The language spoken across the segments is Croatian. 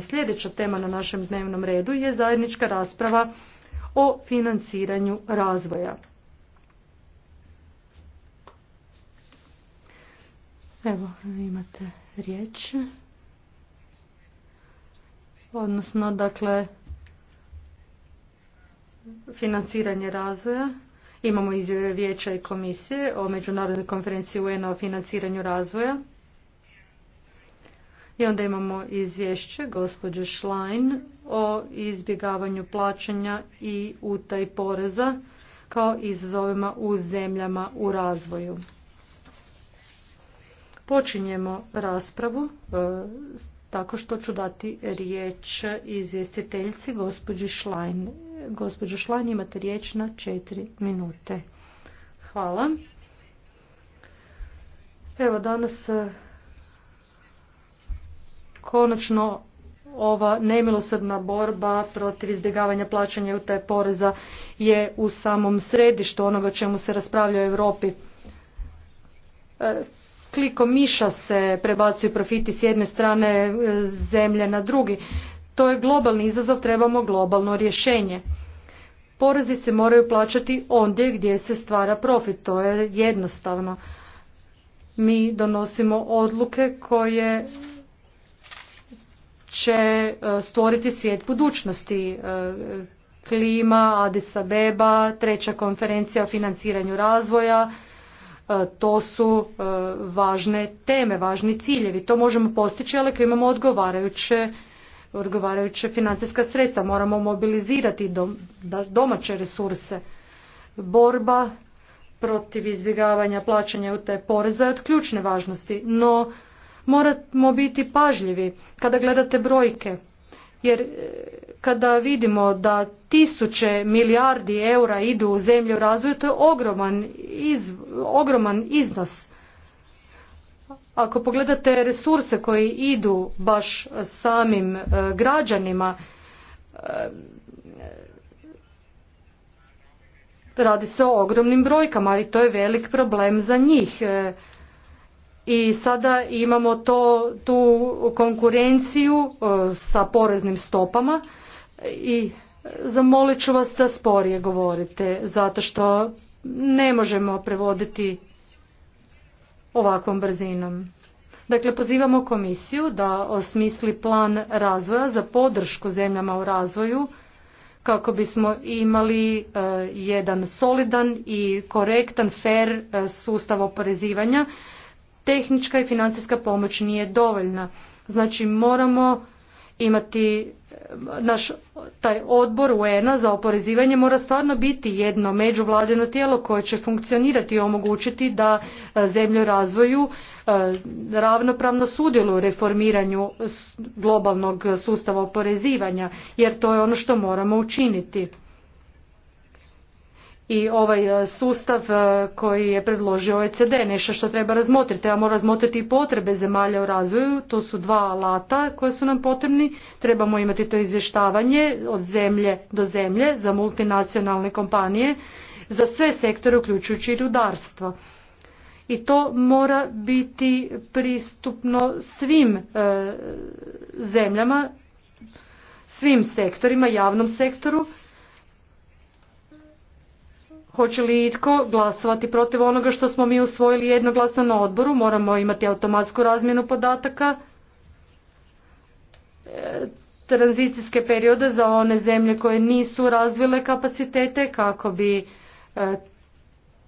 Sljedeća tema na našem dnevnom redu je zajednička rasprava o financiranju razvoja. Evo, imate riječ. Odnosno, dakle, financiranje razvoja. Imamo izjave vijeća i komisije o Međunarodnoj konferenciji UN-a o financiranju razvoja. I onda imamo izvješće gospođe Schlein o izbjegavanju plaćanja i utaj poreza kao izazovima u zemljama u razvoju. Počinjemo raspravu e, tako što ću dati riječ izvjestiteljci gospođi Šlajn. Gospođo Šlajn imate riječ na četiri minute. Hvala. Evo danas konačno ova nemilosrdna borba protiv izbjegavanja plaćanja UTE poreza je u samom središtu onoga čemu se raspravlja u Europi. E, Klikom miša se prebacuju profiti s jedne strane e, zemlje na drugi. To je globalni izazov, trebamo globalno rješenje. Porezi se moraju plaćati ondje gdje se stvara profit, to je jednostavno. Mi donosimo odluke koje će e, stvoriti svijet budućnosti. E, klima, Addis Abeba, treća konferencija o financiranju razvoja, e, to su važne teme, važni ciljevi. To možemo postići, ali ako imamo odgovarajuće odgovarajuće financijska sredstva. Moramo mobilizirati domaće resurse. Borba protiv izbjegavanja plaćanja te poreza je od ključne važnosti, no moramo biti pažljivi kada gledate brojke jer e, kada vidimo da tisuće milijardi eura idu u zemlju u razvoju to je ogroman, iz, ogroman iznos ako pogledate resurse koji idu baš samim e, građanima e, radi se o ogromnim brojkama i to je velik problem za njih i sada imamo to, tu konkurenciju e, sa poreznim stopama i zamolit ću vas da sporije govorite zato što ne možemo prevoditi ovakvom brzinom. Dakle, pozivamo komisiju da osmisli plan razvoja za podršku zemljama u razvoju kako bismo imali e, jedan solidan i korektan, fair e, sustav oporezivanja tehnička i financijska pomoć nije dovoljna. Znači moramo imati eh, naš taj odbor un za oporezivanje mora stvarno biti jedno međuvladino tijelo koje će funkcionirati i omogućiti da eh, zemlje u razvoju eh, ravnopravno sudjelu u reformiranju globalnog sustava oporezivanja jer to je ono što moramo učiniti i ovaj e, sustav e, koji je predložio OECD, nešto što treba razmotriti. Trebamo razmotriti i potrebe zemalja u razvoju, to su dva alata koje su nam potrebni. Trebamo imati to izvještavanje od zemlje do zemlje za multinacionalne kompanije, za sve sektore uključujući i rudarstvo. I to mora biti pristupno svim e, zemljama, svim sektorima, javnom sektoru Hoće li itko glasovati protiv onoga što smo mi usvojili jednoglasno na odboru? Moramo imati automatsku razmjenu podataka, e, tranzicijske periode za one zemlje koje nisu razvile kapacitete kako bi e,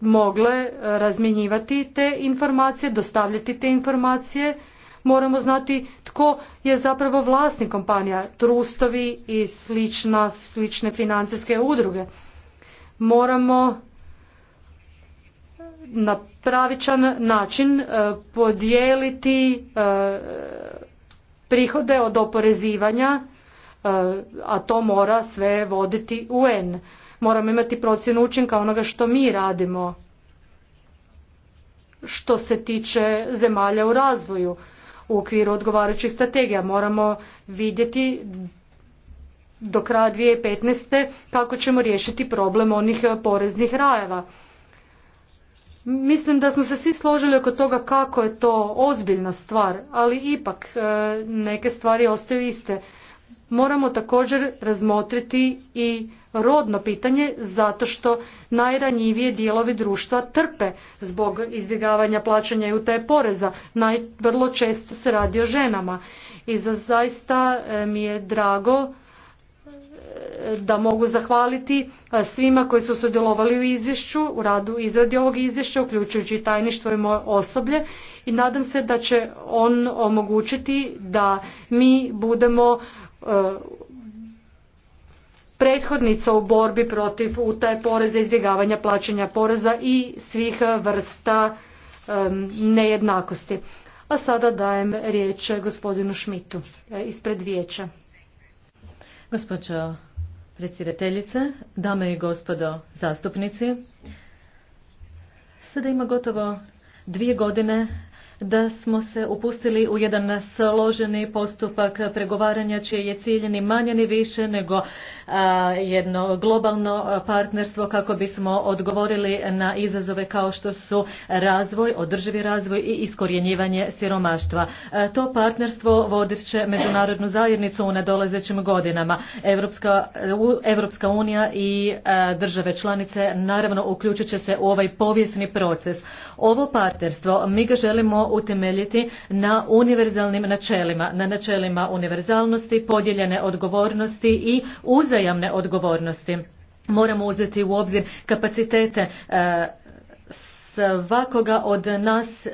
mogle razmjenjivati te informacije, dostavljati te informacije. Moramo znati tko je zapravo vlasnik kompanija, trustovi i slične financijske udruge moramo na pravičan način e, podijeliti e, prihode od oporezivanja, e, a to mora sve voditi UN. Moramo imati procjenu učinka onoga što mi radimo što se tiče zemalja u razvoju u okviru odgovarajućih strategija. Moramo vidjeti do kraja 2015. kako ćemo riješiti problem onih e, poreznih rajeva. Mislim da smo se svi složili oko toga kako je to ozbiljna stvar, ali ipak e, neke stvari ostaju iste. Moramo također razmotriti i rodno pitanje zato što najranjivije dijelovi društva trpe zbog izbjegavanja plaćanja i utaje poreza. vrlo često se radi o ženama. I za zaista e, mi je drago da mogu zahvaliti e, svima koji su sudjelovali u izvješću, u radu izradi ovog izvješća, uključujući tajništvo i moje osoblje i nadam se da će on omogućiti da mi budemo e, prethodnica u borbi protiv utaje poreza, izbjegavanja plaćanja poreza i svih vrsta e, nejednakosti. A sada dajem riječ gospodinu Šmitu ispred vijeća. Gospođo predsjedateljice, dame i gospodo zastupnici, sada ima gotovo dvije godine da smo se upustili u jedan složeni postupak pregovaranja čije je cilj ni manje ni više nego jedno globalno partnerstvo kako bismo odgovorili na izazove kao što su razvoj, održivi razvoj i iskorjenjivanje siromaštva. to partnerstvo vodit će međunarodnu zajednicu u nadolazećim godinama. Evropska, unija i države članice naravno uključit će se u ovaj povijesni proces. Ovo partnerstvo mi ga želimo utemeljiti na univerzalnim načelima, na načelima univerzalnosti, podijeljene odgovornosti i uzajamne odgovornosti. Moramo uzeti u obzir kapacitete e, svakoga od nas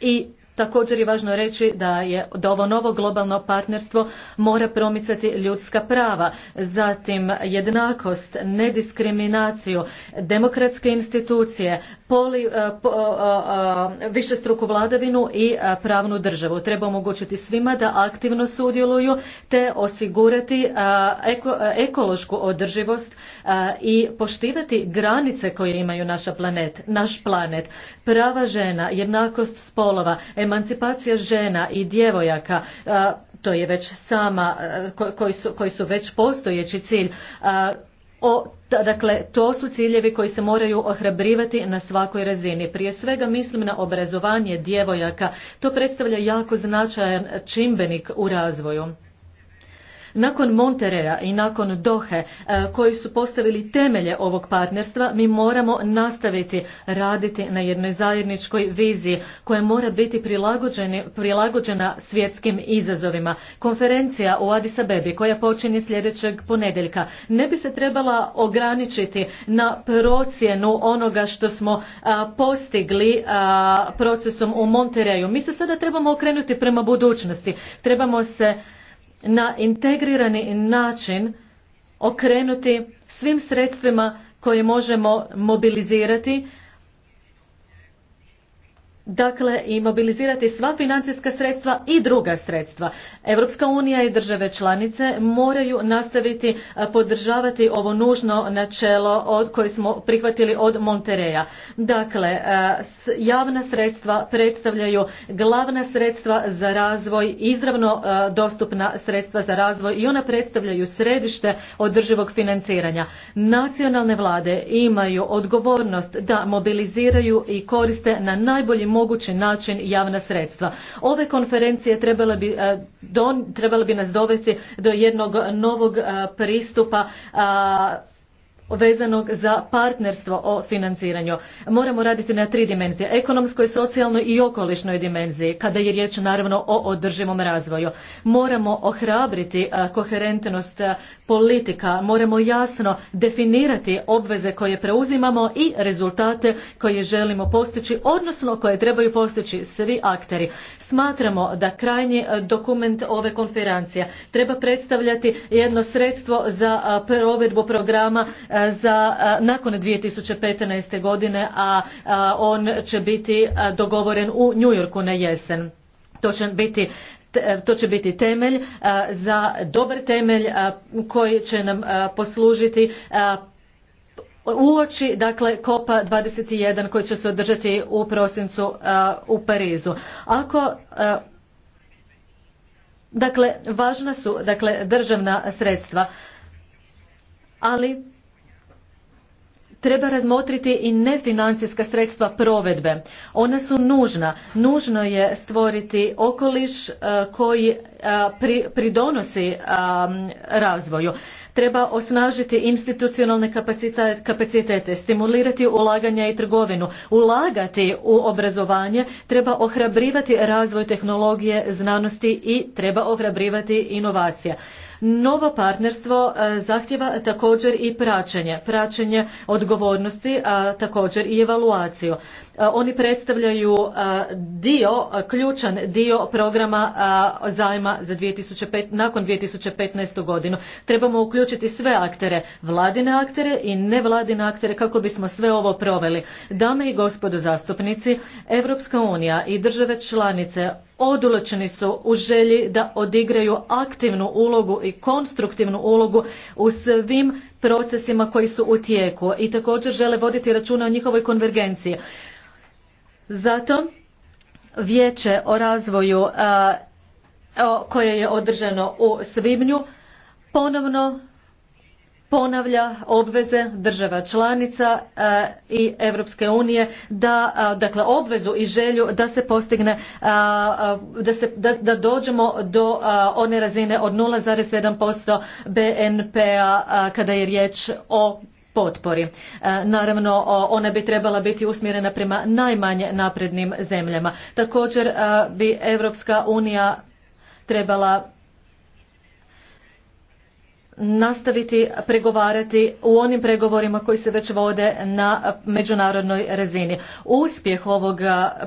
i Također je važno reći da je da ovo novo globalno partnerstvo mora promicati ljudska prava, zatim jednakost, nediskriminaciju, demokratske institucije, poli, eh, eh, eh, višestruku vladavinu i pravnu državu. Treba omogućiti svima da aktivno sudjeluju te osigurati ekološku održivost i poštivati granice koje imaju naša planet, naš planet. Prava žena, jednakost spolova, emancipacija žena i djevojaka, to je već sama, koji su, koji su već postojeći cilj o Dakle, to su ciljevi koji se moraju ohrabrivati na svakoj razini. Prije svega mislim na obrazovanje djevojaka. To predstavlja jako značajan čimbenik u razvoju. Nakon Montereja i nakon Dohe eh, koji su postavili temelje ovog partnerstva, mi moramo nastaviti raditi na jednoj zajedničkoj viziji koja mora biti prilagođena svjetskim izazovima. Konferencija u Addis Abebi koja počinje sljedećeg ponedjeljka ne bi se trebala ograničiti na procjenu onoga što smo eh, postigli eh, procesom u Montereju. Mi se sada trebamo okrenuti prema budućnosti. Trebamo se na integrirani način okrenuti svim sredstvima koje možemo mobilizirati Dakle, i mobilizirati sva financijska sredstva i druga sredstva. Europska unija i države članice moraju nastaviti podržavati ovo nužno načelo od koje smo prihvatili od Montereja. Dakle, javna sredstva predstavljaju glavna sredstva za razvoj, izravno dostupna sredstva za razvoj i ona predstavljaju središte održivog financiranja. Nacionalne vlade imaju odgovornost da mobiliziraju i koriste na najbolji mogući način javna sredstva. Ove konferencije trebale bi, eh, trebale bi nas dovesti do jednog novog eh, pristupa eh, vezanog za partnerstvo o financiranju. Moramo raditi na tri dimenzije, ekonomskoj, socijalnoj i okolišnoj dimenziji, kada je riječ naravno o održivom razvoju. Moramo ohrabriti koherentnost politika. Moramo jasno definirati obveze koje preuzimamo i rezultate koje želimo postići, odnosno koje trebaju postići svi akteri. Smatramo da krajnji e, dokument ove konferencije treba predstavljati jedno sredstvo za provedbu programa e, za nakon 2015. godine, a on će biti dogovoren u New Yorku na jesen. To će biti E, to će biti temelj e, za dobar temelj e, koji će nam poslužiti uoči dakle kopa 21 koji će se održati u prosincu u Parizu. Ako dakle važna su dakle državna sredstva ali treba razmotriti i nefinancijska sredstva provedbe. Ona su nužna. Nužno je stvoriti okoliš e, koji e, pridonosi e, razvoju. Treba osnažiti institucionalne kapacitete, stimulirati ulaganja i trgovinu, ulagati u obrazovanje, treba ohrabrivati razvoj tehnologije, znanosti i treba ohrabrivati inovacija. Novo partnerstvo e, zahtjeva također i praćenje, praćenje odgovornosti, a e, također i evaluaciju. E, oni predstavljaju dio, ključan dio programa zajma za 2005, nakon 2015. godinu. Trebamo uključiti sve aktere, vladine aktere i nevladine aktere kako bismo sve ovo proveli. Dame i gospodo zastupnici, Europska unija i države članice Odlučeni su u želji da odigraju aktivnu ulogu i konstruktivnu ulogu u svim procesima koji su u tijeku i također žele voditi računa o njihovoj konvergenciji. Zato vijeće o razvoju koje je održano u svibnju ponovno ponavlja obveze država članica e, i Europske unije da e, dakle obvezu i želju da se postigne e, da, dođemo do one razine od 0,7% BNP-a kada je riječ o potpori. Naravno, ona bi trebala biti usmjerena prema najmanje naprednim zemljama. Također bi Europska unija trebala nastaviti pregovarati u onim pregovorima koji se već vode na međunarodnoj razini. Uspjeh ovog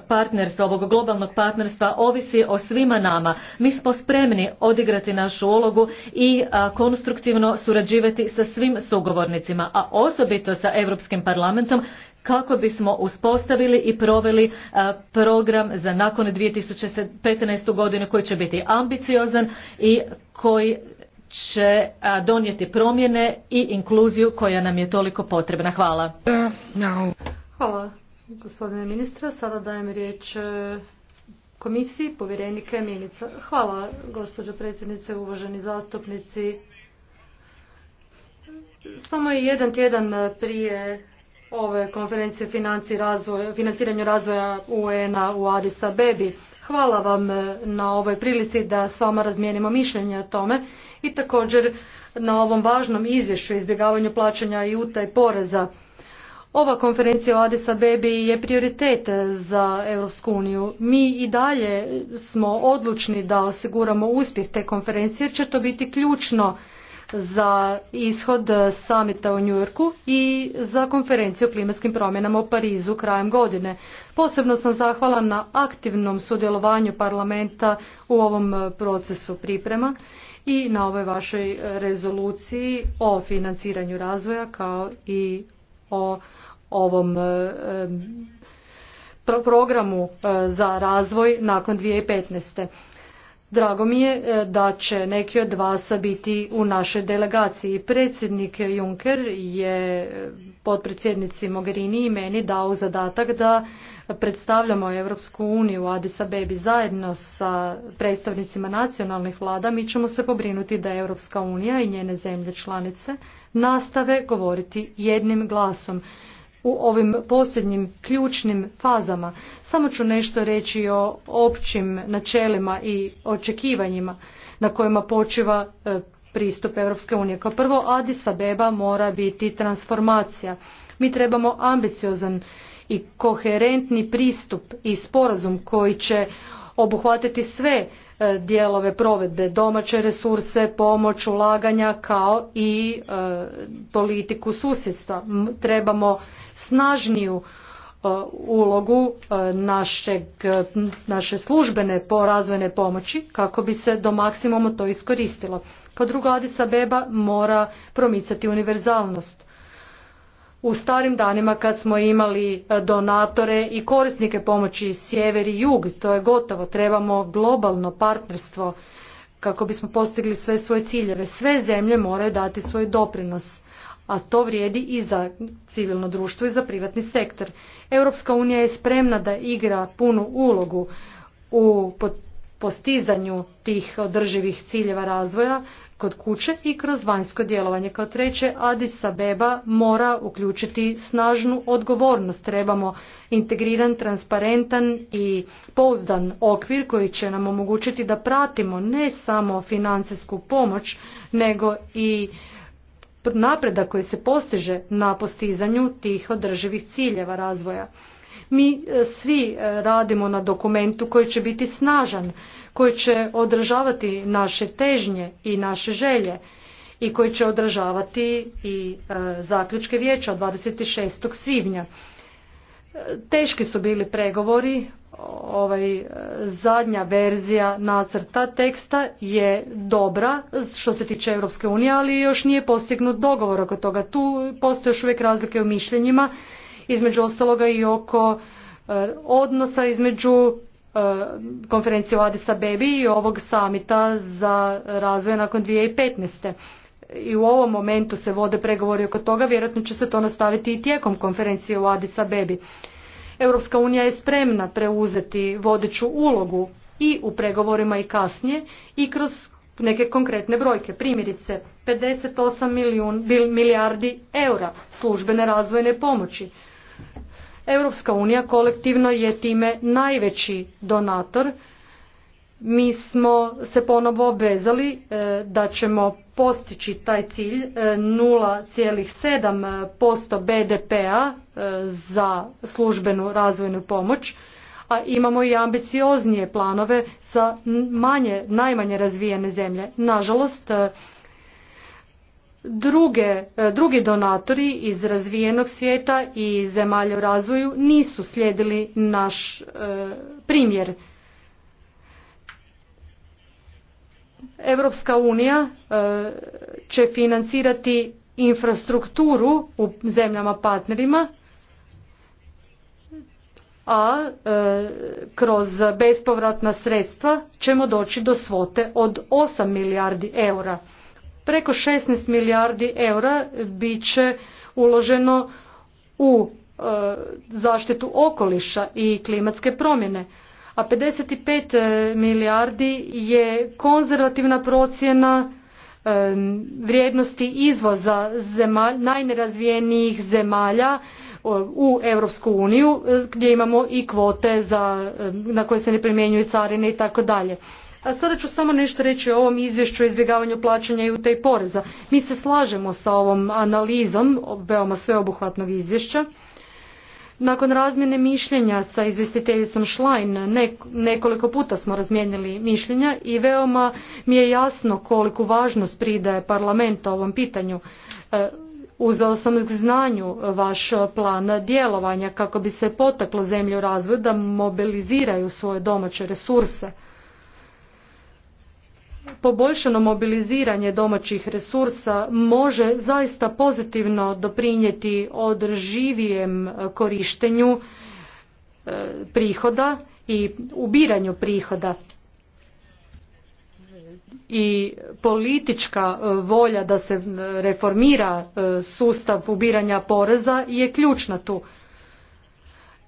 partnerstva, ovog globalnog partnerstva ovisi o svima nama. Mi smo spremni odigrati našu ulogu i konstruktivno surađivati sa svim sugovornicima, a osobito sa Europskim parlamentom kako bismo uspostavili i proveli program za nakon 2015. godinu koji će biti ambiciozan i koji će donijeti promjene i inkluziju koja nam je toliko potrebna. Hvala. Hvala gospodine ministra. Sada dajem riječ e, komisiji povjerenike Mimica. Hvala gospođo predsjednice, uvaženi zastupnici. Samo je jedan tjedan prije ove konferencije razvoja, financiranju razvoja UN-a u Adisa Bebi. Hvala vam e, na ovoj prilici da s vama razmijenimo mišljenje o tome i također na ovom važnom izvješću o izbjegavanju plaćanja i utaj poreza. Ova konferencija o Addis je prioritet za Europsku uniju. Mi i dalje smo odlučni da osiguramo uspjeh te konferencije jer će to biti ključno za ishod samita u Njujorku i za konferenciju o klimatskim promjenama u Parizu krajem godine. Posebno sam zahvalan na aktivnom sudjelovanju parlamenta u ovom procesu priprema i na ovoj vašoj rezoluciji o financiranju razvoja kao i o ovom e, programu e, za razvoj nakon 2015. Drago mi je e, da će neki od vas biti u našoj delegaciji. Predsjednik Juncker je potpredsjednici Mogherini i meni dao zadatak da predstavljamo Europsku uniju u Bebi zajedno sa predstavnicima nacionalnih vlada, mi ćemo se pobrinuti da Europska unija i njene zemlje članice nastave govoriti jednim glasom u ovim posljednjim ključnim fazama. Samo ću nešto reći o općim načelima i očekivanjima na kojima počiva e, pristup Europske unije. Kao prvo, Adisa Beba mora biti transformacija. Mi trebamo ambiciozan i koherentni pristup i sporazum koji će obuhvatiti sve e, dijelove provedbe, domaće resurse, pomoć, ulaganja kao i e, politiku susjedstva. Trebamo snažniju e, ulogu našeg, naše službene po razvojne pomoći kako bi se do maksimuma to iskoristilo. Kao druga Adisa Beba mora promicati univerzalnost u starim danima kad smo imali e, donatore i korisnike pomoći sjever i jug, to je gotovo, trebamo globalno partnerstvo kako bismo postigli sve svoje ciljeve. Sve zemlje moraju dati svoj doprinos, a to vrijedi i za civilno društvo i za privatni sektor. Europska unija je spremna da igra punu ulogu u postizanju tih održivih ciljeva razvoja kod kuće i kroz vanjsko djelovanje. Kao treće, Adis Abeba mora uključiti snažnu odgovornost. Trebamo integriran, transparentan i pouzdan okvir koji će nam omogućiti da pratimo ne samo financijsku pomoć, nego i napredak koji se postiže na postizanju tih održivih ciljeva razvoja. Mi e, svi e, radimo na dokumentu koji će biti snažan, koji će održavati naše težnje i naše želje i koji će održavati i e, zaključke vijeća od 26. svibnja. Teški su bili pregovori, ovaj zadnja verzija nacrta teksta je dobra što se tiče Europske unije, ali još nije postignut dogovor oko toga. Tu postoje još uvijek razlike u mišljenjima između ostaloga i oko e, odnosa između e, konferencije u Adisa i ovog samita za razvoj nakon 2015. I u ovom momentu se vode pregovori oko toga, vjerojatno će se to nastaviti i tijekom konferencije u Adisa Bebi Europska unija je spremna preuzeti vodeću ulogu i u pregovorima i kasnije i kroz neke konkretne brojke. Primjerice, 58 milijardi eura službene razvojne pomoći, Europska unija kolektivno je time najveći donator. Mi smo se ponovo obvezali e, da ćemo postići taj cilj 0,7% e, BDP-a e, za službenu razvojnu pomoć, a imamo i ambicioznije planove sa manje, najmanje razvijene zemlje. Nažalost, Druge, e, drugi donatori iz razvijenog svijeta i zemalja u razvoju nisu slijedili naš e, primjer. Europska unija e, će financirati infrastrukturu u zemljama partnerima, a kroz bespovratna sredstva ćemo doći do svote od 8 milijardi eura. Preko 16 milijardi eura bit će uloženo u e, zaštitu okoliša i klimatske promjene a 55 e, milijardi je konzervativna procjena e, vrijednosti izvoza najnerazvijenijih zemalja u Europsku uniju gdje imamo i kvote za, na koje se ne primjenjuju carine i tako dalje sada ću samo nešto reći o ovom izvješću o izbjegavanju plaćanja i utaj poreza. Mi se slažemo sa ovom analizom veoma sveobuhvatnog izvješća. Nakon razmjene mišljenja sa izvjestiteljicom Schlein nekoliko puta smo razmijenili mišljenja i veoma mi je jasno koliku važnost pridaje parlament ovom pitanju. E, uzeo sam znanju vaš plan djelovanja kako bi se potaklo zemlju razvoju da mobiliziraju svoje domaće resurse poboljšano mobiliziranje domaćih resursa može zaista pozitivno doprinijeti održivijem korištenju e, prihoda i ubiranju prihoda i politička volja da se reformira e, sustav ubiranja poreza je ključna tu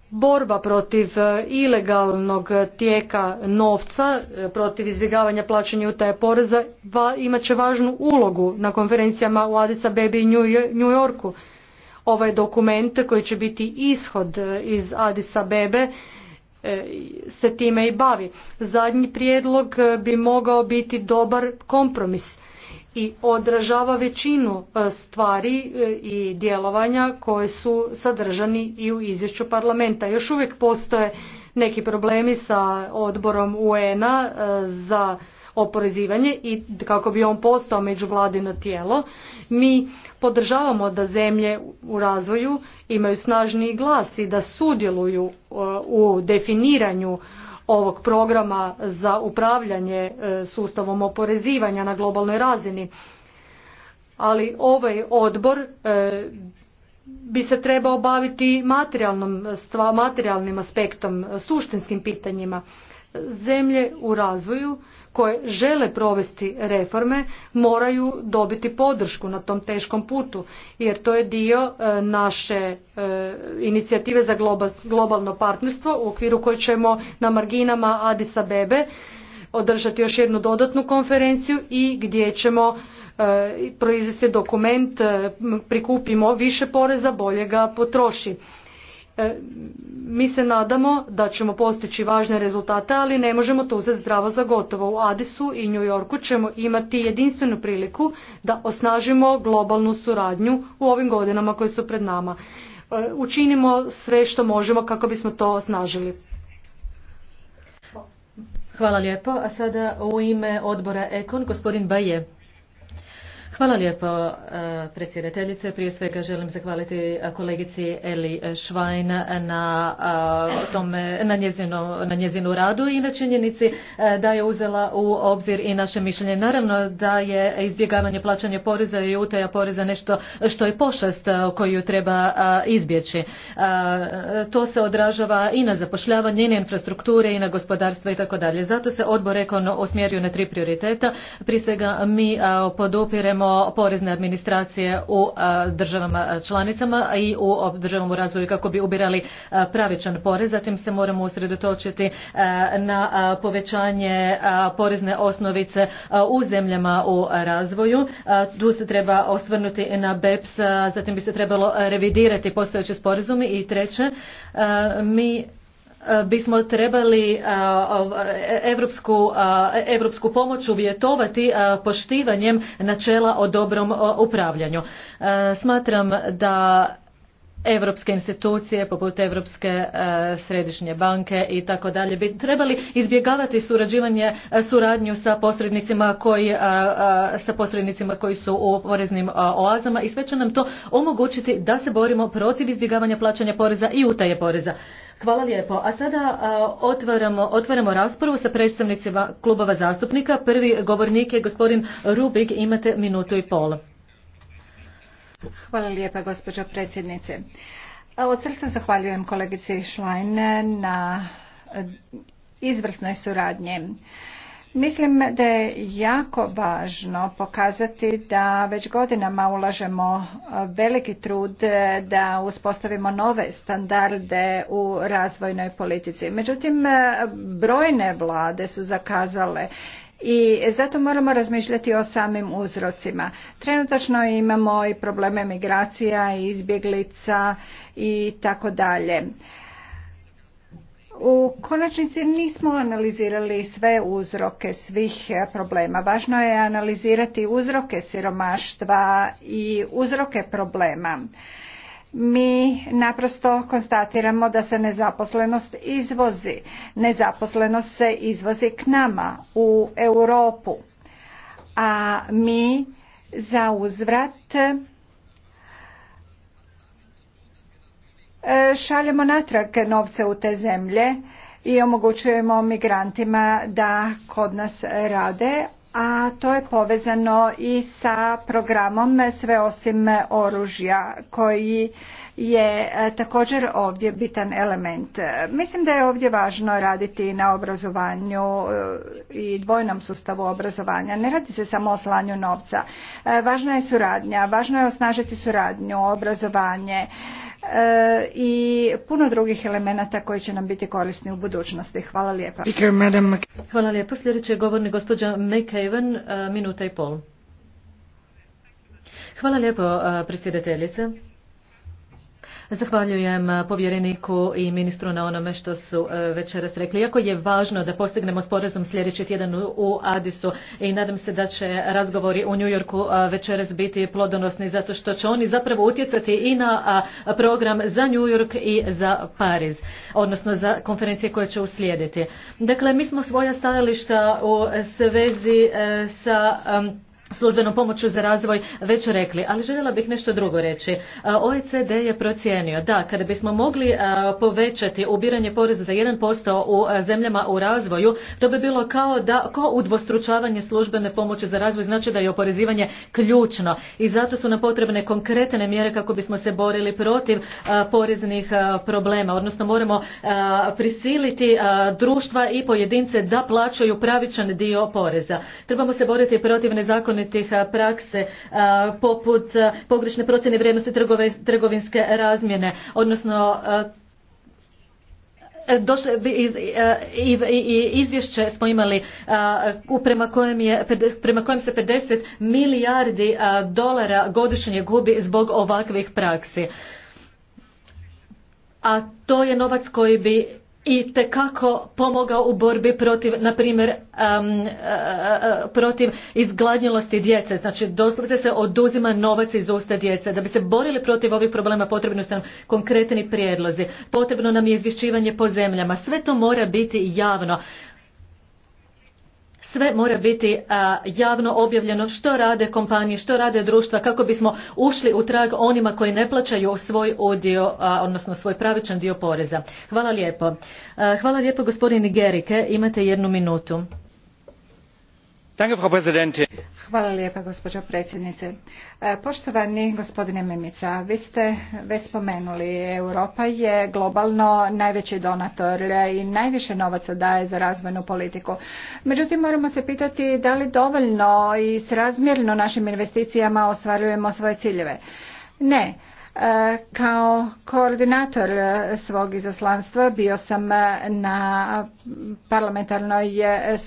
borba protiv e, ilegalnog tijeka novca, e, protiv izbjegavanja plaćanja utaje poreza imat će važnu ulogu na konferencijama u Addis Abebi i New Yorku. Ovaj dokument koji će biti ishod e, iz Addis Abebe se time i bavi. Zadnji prijedlog bi mogao biti dobar kompromis i odražava većinu e, stvari e, i djelovanja koje su sadržani i u izvješću parlamenta. Još uvijek postoje neki problemi sa odborom UN-a e, za oporezivanje i kako bi on postao međuvladino tijelo. Mi podržavamo da zemlje u razvoju imaju snažniji glas i da sudjeluju u definiranju ovog programa za upravljanje e, sustavom oporezivanja na globalnoj razini. Ali ovaj odbor e, bi se trebao baviti materijalnim aspektom, suštinskim pitanjima. Zemlje u razvoju koje žele provesti reforme moraju dobiti podršku na tom teškom putu jer to je dio e, naše e, inicijative za globalno partnerstvo u okviru koje ćemo na marginama Addis Abebe održati još jednu dodatnu konferenciju i gdje ćemo e, proizvesti dokument prikupimo više poreza, bolje ga potroši. E, mi se nadamo da ćemo postići važne rezultate, ali ne možemo to uzeti zdravo za gotovo. U Adisu i New Yorku ćemo imati jedinstvenu priliku da osnažimo globalnu suradnju u ovim godinama koje su pred nama. E, učinimo sve što možemo kako bismo to osnažili. Hvala lijepo. A sada u ime odbora Ekon, gospodin Baje. Hvala lijepo e, predsjedateljice. Prije svega želim zahvaliti e, kolegici Eli Švajn na, e, tome, na, njezinu, na radu i na činjenici da je uzela u obzir i naše mišljenje. Naravno da je izbjegavanje plaćanja poreza i utaja poreza nešto što je pošast koju treba izbjeći. To se odražava i na zapošljavanje, i na infrastrukture, i na gospodarstvo i tako dalje. Zato se odbor Ekon osmjerio na tri prioriteta. Prije svega mi podupiremo porezne administracije u e, državama članicama i u državnom razvoju kako bi ubirali e, pravičan porez. Zatim se moramo usredotočiti e, na povećanje porezne osnovice u zemljama u razvoju. Tu se treba osvrnuti na BEPS, zatim bi se trebalo revidirati postojeći sporazumi i treće, mi bismo trebali europsku, e, pomoć uvjetovati e, poštivanjem načela o dobrom upravljanju. E, smatram da europske institucije poput Europske središnje banke i tako dalje bi trebali izbjegavati surađivanje suradnju sa posrednicima koji sa posrednicima koji su u poreznim oazama i sve će nam to omogućiti da se borimo protiv izbjegavanja plaćanja poreza i utaje poreza. Hvala lijepo. A sada otvaramo, otvaramo raspravu sa predstavnicima klubova zastupnika. Prvi govornik je gospodin Rubik. Imate minutu i pol. Hvala lijepa gospođo predsjednice. Od srca zahvaljujem kolegici Šlaine na izvrsnoj suradnji. Mislim da je jako važno pokazati da već godinama ulažemo veliki trud e, da uspostavimo nove standarde u razvojnoj politici. Međutim, e, brojne vlade su zakazale i zato moramo razmišljati o samim uzrocima. Trenutačno imamo i probleme migracija, izbjeglica i tako dalje. U konačnici nismo analizirali sve uzroke svih e, problema. Važno je analizirati uzroke siromaštva i uzroke problema. Mi naprosto konstatiramo da se nezaposlenost izvozi. Nezaposlenost se izvozi k nama u Europu. A mi za uzvrat E, šaljemo natrag novce u te zemlje i omogućujemo migrantima da kod nas rade, a to je povezano i sa programom Sve osim oružja koji je e, također ovdje bitan element. Mislim da je ovdje važno raditi na obrazovanju e, i dvojnom sustavu obrazovanja. Ne radi se samo o slanju novca. Važna je suradnja, važno je osnažiti suradnju, obrazovanje i puno drugih elemenata koji će nam biti korisni u budućnosti. Hvala lijepa. Hvala lijepa. Sljedeći je govorni gospođa McAven, e, minuta i pol. Hvala lijepo, e, predsjedateljice. Zahvaljujem eh, povjereniku i ministru na onome što su eh, večeras rekli. Iako je važno da postignemo sporazum sljedeći tjedan u Adisu i nadam se da će razgovori u New Yorku eh, večeras biti plodonosni zato što će oni zapravo utjecati i na program za New York i za Pariz, odnosno za konferencije koje će uslijediti. Dakle, mi smo svoja stajališta u svezi sa službenu pomoću za razvoj već rekli, ali željela bih nešto drugo reći. E, OECD je procijenio da kada bismo mogli e, povećati ubiranje poreza za 1% u e, zemljama u razvoju, to bi bilo kao da ko udvostručavanje službene pomoći za razvoj znači da je oporezivanje ključno i zato su nam potrebne konkretne mjere kako bismo se borili protiv poreznih problema, odnosno moramo prisiliti društva i pojedince da plaćaju pravičan dio poreza. Trebamo se boriti protiv nezakonitih nezakonitih prakse poput pogrešne procjene vrijednosti trgovinske razmjene, odnosno došle i izvješće smo imali prema kojem, je, prema kojem se 50 milijardi dolara godišnje gubi zbog ovakvih praksi. A to je novac koji bi i te kako pomogao u borbi protiv, na primjer, e, e, e, protiv izgladnjelosti djece. Znači, doslovce se oduzima novac iz usta djece. Da bi se borili protiv ovih problema potrebni su nam konkretni prijedlozi. Potrebno nam je izvješćivanje po zemljama. Sve to mora biti javno sve mora biti javno objavljeno što rade kompanije, što rade društva kako bismo ušli u trag onima koji ne plaćaju svoj udio, odnosno svoj pravičan dio poreza. Hvala lijepo. Hvala lijepo gospodine Gerike, imate jednu minutu. Hvala lijepa gospođo predsjednice. E, poštovani gospodine Mimica, vi ste već spomenuli, Europa je globalno najveći donator i najviše novaca daje za razvojnu politiku. Međutim, moramo se pitati da li dovoljno i srazmjerno našim investicijama ostvarujemo svoje ciljeve. Ne, e, kao koordinator svog izaslanstva bio sam na parlamentarnoj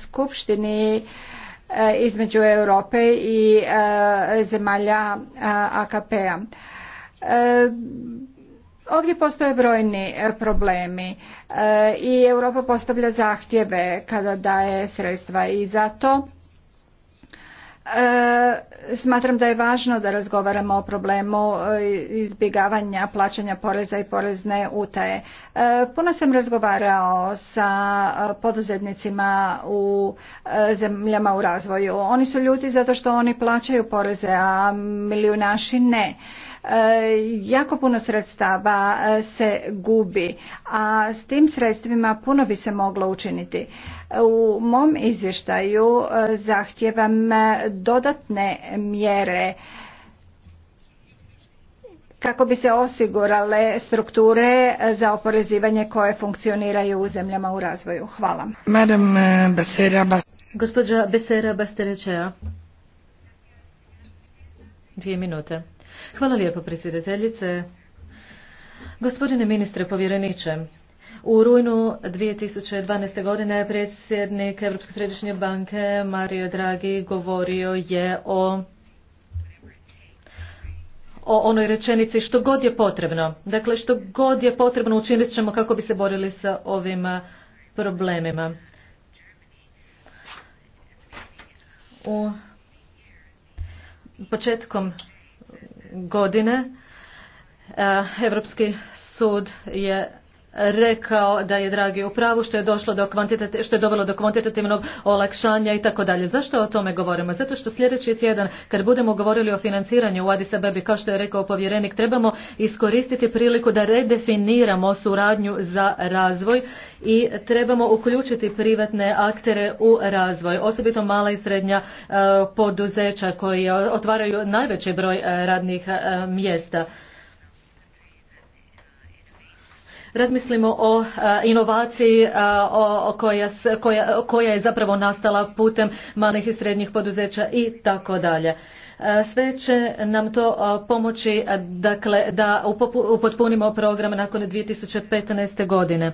skupštini Eh, između Europe i eh, zemalja eh, AKP-a. Ovdje postoje brojni problemi i Europa postavlja zahtjeve kada daje sredstva i to. E, smatram da je važno da razgovaramo o problemu e, izbjegavanja plaćanja poreza i porezne utaje. E, puno sam razgovarao sa poduzetnicima u zemljama u razvoju. Oni su ljuti zato što oni plaćaju poreze, a milijunaši ne. Jako puno sredstava e, se gubi, a s tim sredstvima puno bi se moglo učiniti. U mom izvještaju e, zahtjevam e, dodatne mjere kako bi se osigurale strukture za oporezivanje koje funkcioniraju u zemljama u razvoju. Hvala. Madam Besera Dvije minute. Hvala lijepo, predsjedateljice. Gospodine ministre povjereniče, u rujnu 2012. godine predsjednik Europske središnje banke Mario Draghi govorio je o o onoj rečenici što god je potrebno. Dakle, što god je potrebno učinit ćemo kako bi se borili sa ovim problemima. U početkom godine Europski eh, sud je rekao da je dragi u pravu što je došlo do kvantitete, što je dovelo do kvantitativnog olakšanja i tako dalje. Zašto o tome govorimo? Zato što sljedeći tjedan kad budemo govorili o financiranju u Addis Abebi kao što je rekao povjerenik trebamo iskoristiti priliku da redefiniramo suradnju za razvoj i trebamo uključiti privatne aktere u razvoj, osobito mala i srednja e, poduzeća koji otvaraju najveći broj e, radnih e, mjesta. razmislimo o e, inovaciji e, koja, je zapravo nastala putem malih i srednjih poduzeća i tako dalje. E, sve će nam to pomoći dakle, da upotpunimo program nakon 2015. godine.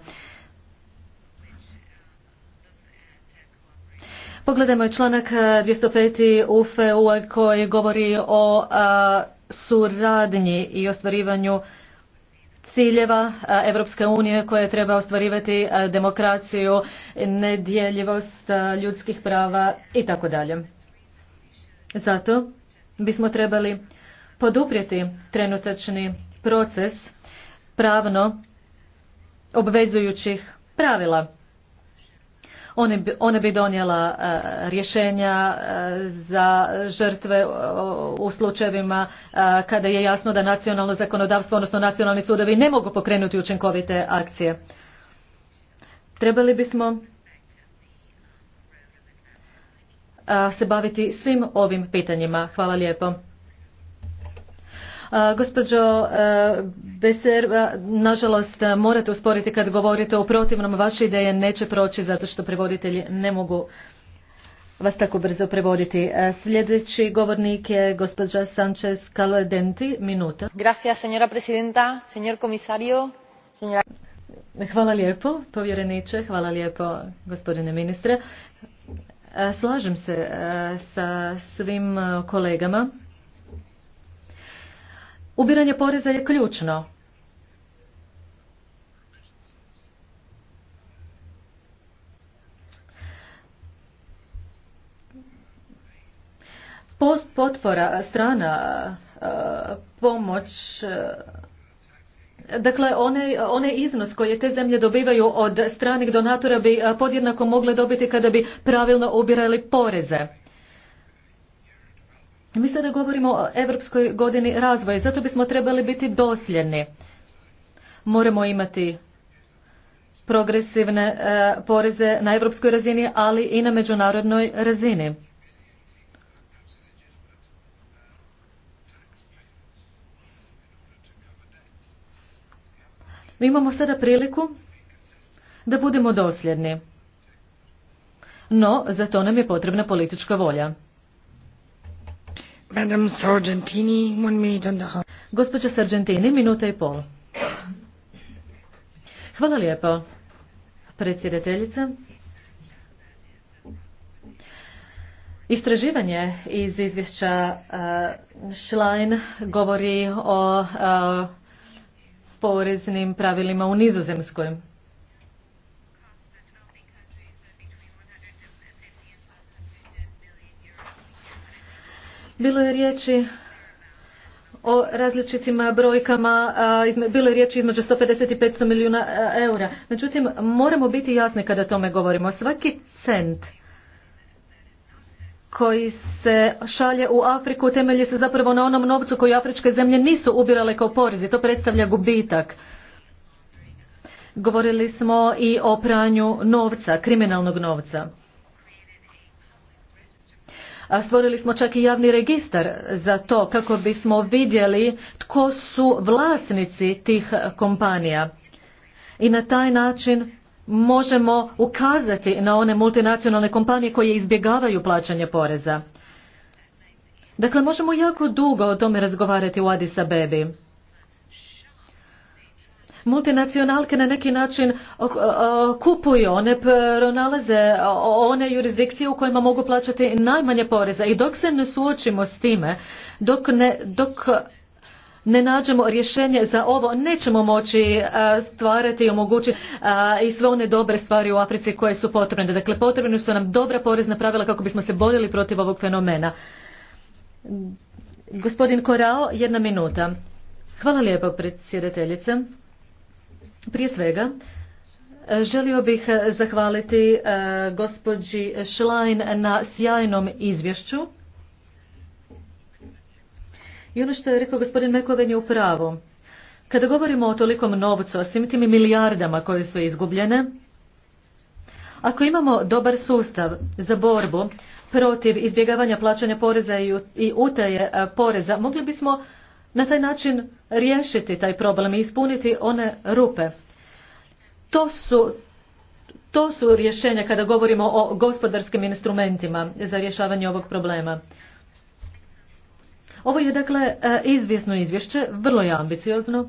Pogledajmo je članak 205. UFE koji govori o suradnji i ostvarivanju ciljeva Europske unije koje treba ostvarivati e, demokraciju, nedjeljivost e, ljudskih prava i tako dalje. Zato bismo trebali poduprijeti trenutačni proces pravno obvezujućih pravila ona bi donijela e, rješenja e, za žrtve e, u slučajevima kada je jasno da nacionalno zakonodavstvo, odnosno nacionalni sudovi ne mogu pokrenuti učinkovite akcije. Trebali bismo se baviti svim ovim pitanjima. Hvala lijepo. Gospođo Beser, nažalost morate usporiti kad govorite o protivnom, vaše ideje neće proći zato što prevoditelji ne mogu vas tako brzo prevoditi. Sljedeći govornik je gospođa Sanchez Caledenti, minuta. Gracias, señora presidenta, señor comisario, Hvala lijepo, povjereniče, hvala lijepo, gospodine ministre. Slažem se sa svim kolegama Ubiranje poreza je ključno. Post potpora strana e, pomoć e, Dakle, onaj, onaj iznos koji te zemlje dobivaju od stranih donatora bi e, podjednako mogle dobiti kada bi pravilno ubirali poreze. Mi sada govorimo o Europskoj godini razvoja, zato bismo trebali biti dosljedni. Moramo imati progresivne e, poreze na europskoj razini, ali i na međunarodnoj razini. Mi imamo sada priliku da budemo dosljedni. No, za to nam je potrebna politička volja. Gospođa Sargentini, minuta i pol. Hvala lijepo, predsjedateljice. Istraživanje iz izvješća Schlein govori o poreznim pravilima u nizozemskoj. Bilo je riječi o različitim brojkama, bilo je riječi između 150 i 500 milijuna eura. Međutim, moramo biti jasni kada tome govorimo. Svaki cent koji se šalje u Afriku temelji se zapravo na onom novcu koji afričke zemlje nisu ubirale kao porezi. To predstavlja gubitak. Govorili smo i o pranju novca, kriminalnog novca a stvorili smo čak i javni registar za to kako bismo vidjeli tko su vlasnici tih kompanija. I na taj način možemo ukazati na one multinacionalne kompanije koje izbjegavaju plaćanje poreza. Dakle, možemo jako dugo o tome razgovarati u Addis Abebi multinacionalke na neki način kupuju, one pronalaze one jurisdikcije u kojima mogu plaćati najmanje poreza i dok se ne suočimo s time, dok ne, dok ne nađemo rješenje za ovo, nećemo moći e, stvarati i omogućiti e, i sve one dobre stvari u Africi koje su potrebne. Dakle, potrebne su nam dobra porezna pravila kako bismo se borili protiv ovog fenomena. Gospodin Korao, jedna minuta. Hvala lijepo, predsjedateljice. Prije svega, e, Želio bih e, zahvaliti e, gospođi Schlein na sjajnom izvješću. I ono što je rekao gospodin Mekoven je u pravu. Kada govorimo o tolikom novcu, o svim tim milijardama koje su izgubljene, ako imamo dobar sustav za borbu protiv izbjegavanja plaćanja poreza i utaje poreza, mogli bismo na taj način riješiti taj problem i ispuniti one rupe. To su, to su rješenja kada govorimo o gospodarskim instrumentima za rješavanje ovog problema. Ovo je dakle e, izvjesno izvješće, vrlo je ambiciozno.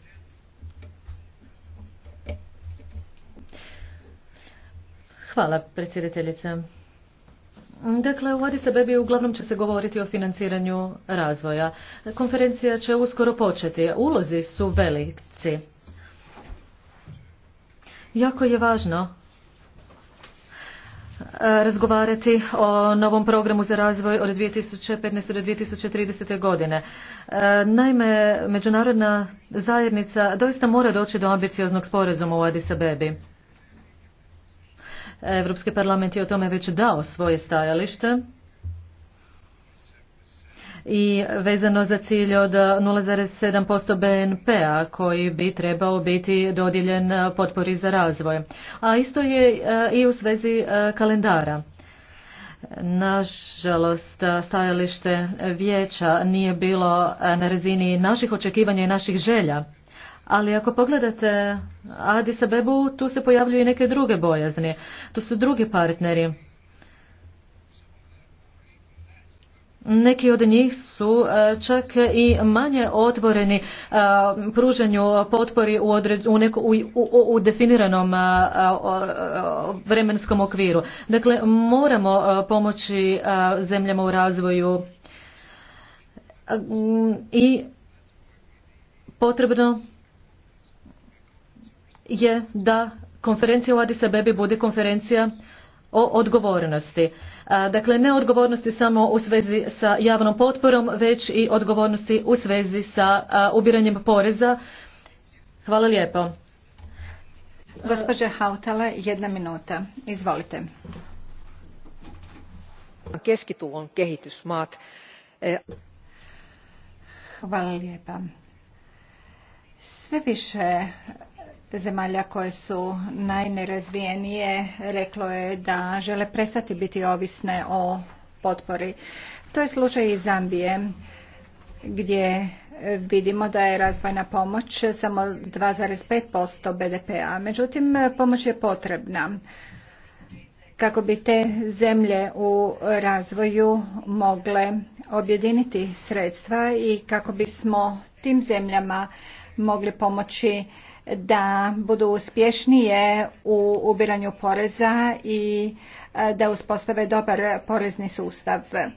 Hvala, predsjedateljice. Dakle, u Adisa Abebi uglavnom će se govoriti o financiranju razvoja. Konferencija će uskoro početi. Ulozi su velici. Jako je važno e, razgovarati o novom programu za razvoj od 2015. do 2030. godine. E, naime, međunarodna zajednica doista mora doći do ambicioznog sporazuma u Addis Abebi. Evropski parlament je o tome već dao svoje stajalište i vezano za cilj od 0,7% BNP-a koji bi trebao biti dodijeljen potpori za razvoj. A isto je e, i u svezi e, kalendara. Nažalost, stajalište vijeća nije bilo na razini naših očekivanja i naših želja ali ako pogledate Addis Abebu, tu se pojavljuju i neke druge bojazne. Tu su drugi partneri. Neki od njih su e, čak i manje otvoreni e, pružanju potpori u, određ, u, u definiranom e, vremenskom okviru. Dakle, moramo pomoći zemljama u razvoju i potrebno je da konferencija u Addis bebi bude konferencija o odgovornosti. Dakle, ne odgovornosti samo u svezi sa javnom potporom, već i odgovornosti u svezi sa ubiranjem poreza. Hvala lijepo. Gospođa Hautala, jedna minuta. Izvolite. Keskitulon e, Hvala lijepa. Sve više zemalja koje su najnerazvijenije reklo je da žele prestati biti ovisne o potpori. To je slučaj i Zambije gdje vidimo da je razvojna pomoć samo 2,5% BDP-a. Međutim, pomoć je potrebna kako bi te zemlje u razvoju mogle objediniti sredstva i kako bismo tim zemljama mogli pomoći da budu uspješnije u ubiranju poreza i e, da uspostave dobar porezni sustav. E,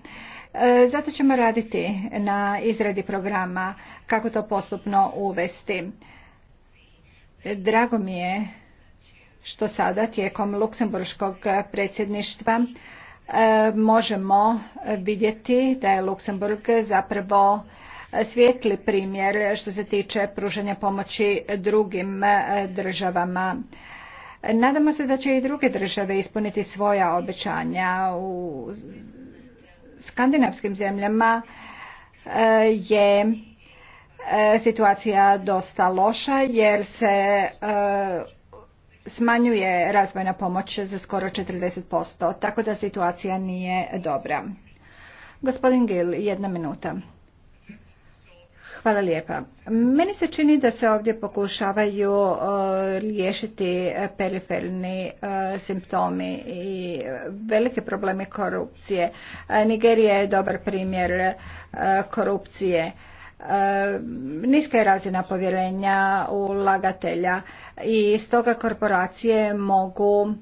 zato ćemo raditi na izradi programa kako to postupno uvesti. Drago mi je što sada tijekom luksemburškog predsjedništva e, možemo vidjeti da je Luksemburg zapravo svijetli primjer što se tiče pružanja pomoći drugim e, državama. Nadamo se da će i druge države ispuniti svoja obećanja. U skandinavskim zemljama e, je e, situacija dosta loša jer se smanjuje razvojna pomoć za skoro 40%, tako da situacija nije dobra. Gospodin Gil, jedna minuta. Hvala lijepa. Meni se čini da se ovdje pokušavaju e, riješiti periferni e, simptomi i velike probleme korupcije. E, Nigerija je dobar primjer korupcije. Niska je razina povjerenja ulagatelja i stoga korporacije mogu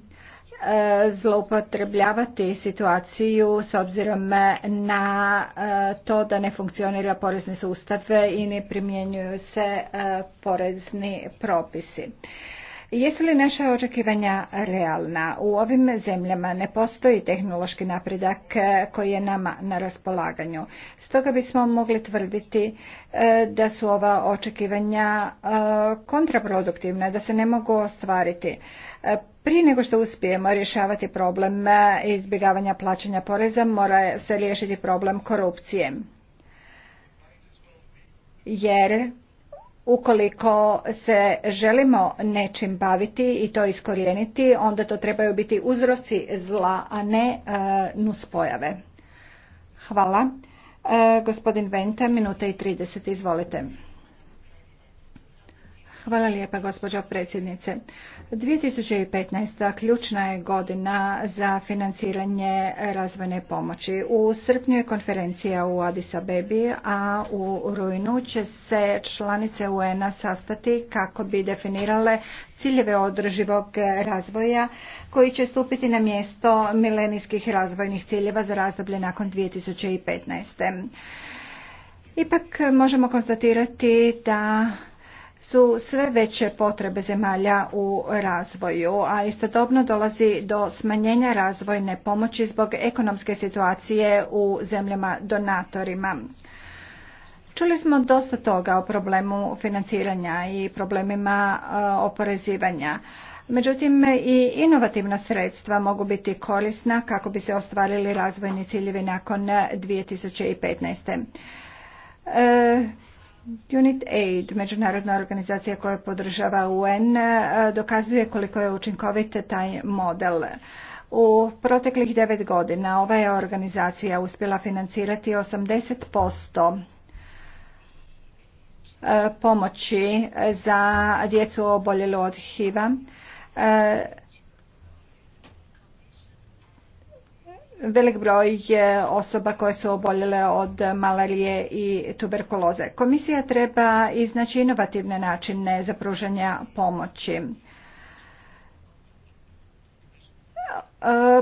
E, zloupotrebljavati situaciju s obzirom na e, to da ne funkcionira porezni sustav i ne primjenjuju se e, porezni propisi. Jesu li naša očekivanja realna? U ovim zemljama ne postoji tehnološki napredak koji je nama na raspolaganju. Stoga bismo mogli tvrditi da su ova očekivanja kontraproduktivna, da se ne mogu ostvariti. Prije nego što uspijemo rješavati problem e, izbjegavanja plaćanja poreza, mora se riješiti problem korupcije. Jer ukoliko se želimo nečim baviti i to iskorijeniti, onda to trebaju biti uzroci zla, a ne e, nuspojave. Hvala. E, gospodin Venta, minuta i 30, izvolite. Hvala lijepa gospođo predsjednice. 2015. ključna je godina za financiranje razvojne pomoći. U srpnju je konferencija u Addis Abebi, a u rujnu će se članice UN-a sastati kako bi definirale ciljeve održivog razvoja koji će stupiti na mjesto milenijskih razvojnih ciljeva za razdoblje nakon 2015. Ipak možemo konstatirati da su sve veće potrebe zemalja u razvoju, a istodobno dolazi do smanjenja razvojne pomoći zbog ekonomske situacije u zemljama donatorima. Čuli smo dosta toga o problemu financiranja i problemima e, oporezivanja. Međutim, i inovativna sredstva mogu biti korisna kako bi se ostvarili razvojni ciljevi nakon 2015. Unit Aid, međunarodna organizacija koja podržava UN, e, dokazuje koliko je učinkovit taj model. U proteklih devet godina ova je organizacija uspjela financirati 80% e, pomoći za djecu oboljelu od HIV-a e, velik broj osoba koje su oboljele od malarije i tuberkuloze. Komisija treba iznaći inovativne načine za pružanje pomoći. E,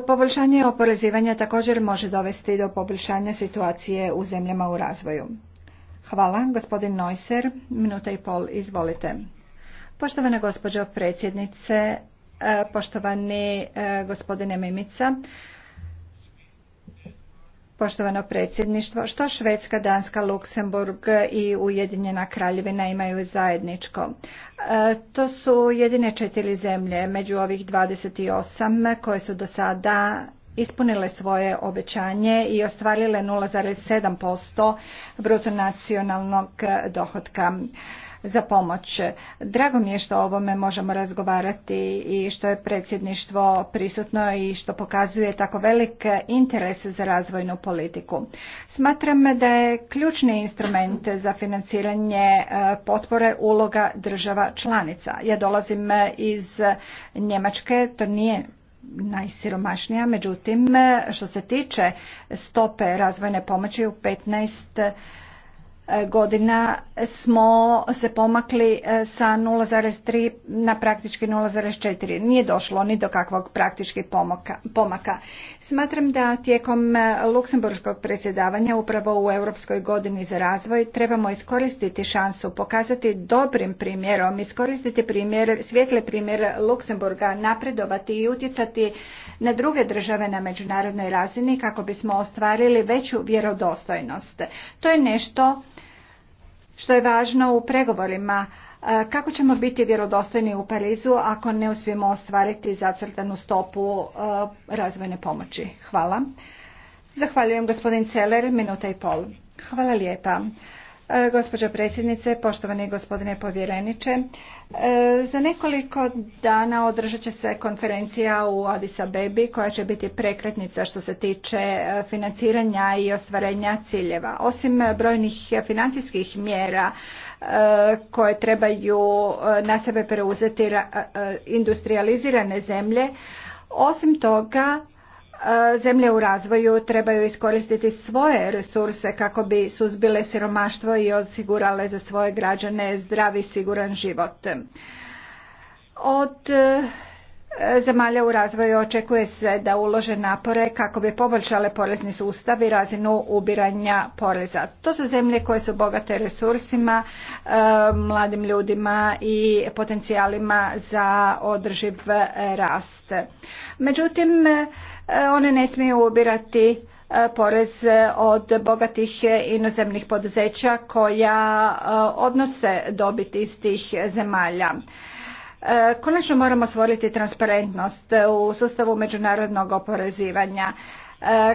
poboljšanje oporezivanja također može dovesti do poboljšanja situacije u zemljama u razvoju. Hvala, gospodin Neuser, minuta i pol, izvolite. Poštovana gospođo predsjednice, e, poštovani e, gospodine Mimica, poštovano predsjedništvo, što Švedska, Danska, Luksemburg i Ujedinjena kraljevina imaju zajedničko? E, to su jedine četiri zemlje među ovih 28 koje su do sada ispunile svoje obećanje i ostvarile 0,7% bruto nacionalnog dohotka za pomoć. Drago mi je što o ovome možemo razgovarati i što je predsjedništvo prisutno i što pokazuje tako velik interes za razvojnu politiku. Smatram da je ključni instrument za financiranje e, potpore uloga država članica. Ja dolazim iz Njemačke, to nije najsiromašnija, međutim e, što se tiče stope razvojne pomoći u 15 godina smo se pomakli e, sa 0,3 na praktički 0,4. Nije došlo ni do kakvog praktički pomaka. Smatram da tijekom e, luksemburškog predsjedavanja upravo u Europskoj godini za razvoj trebamo iskoristiti šansu, pokazati dobrim primjerom, iskoristiti primjer, svijetle primjer Luksemburga, napredovati i utjecati na druge države na međunarodnoj razini kako bismo ostvarili veću vjerodostojnost. To je nešto što je važno u pregovorima e, kako ćemo biti vjerodostojni u Parizu ako ne uspijemo ostvariti zacrtanu stopu e, razvojne pomoći? Hvala. Zahvaljujem gospodin Celer, minuta i pol. Hvala lijepa. E, gospođo predsjednice, poštovani gospodine povjereniče, e, za nekoliko dana održat će se konferencija u Addis Abebi koja će biti prekretnica što se tiče e, financiranja i ostvarenja ciljeva. Osim brojnih financijskih mjera koje trebaju na sebe preuzeti industrializirane zemlje, osim toga E, zemlje u razvoju trebaju iskoristiti svoje resurse kako bi suzbile siromaštvo i osigurale za svoje građane zdrav i siguran život. Od e, zemalja u razvoju očekuje se da ulože napore kako bi poboljšale porezni sustav i razinu ubiranja poreza. To su zemlje koje su bogate resursima, e, mladim ljudima i potencijalima za održiv rast. Međutim, E, one ne smiju ubirati e, porez e, od bogatih inozemnih poduzeća koja odnose dobit iz tih zemalja. Konačno moramo stvoriti transparentnost u sustavu međunarodnog oporezivanja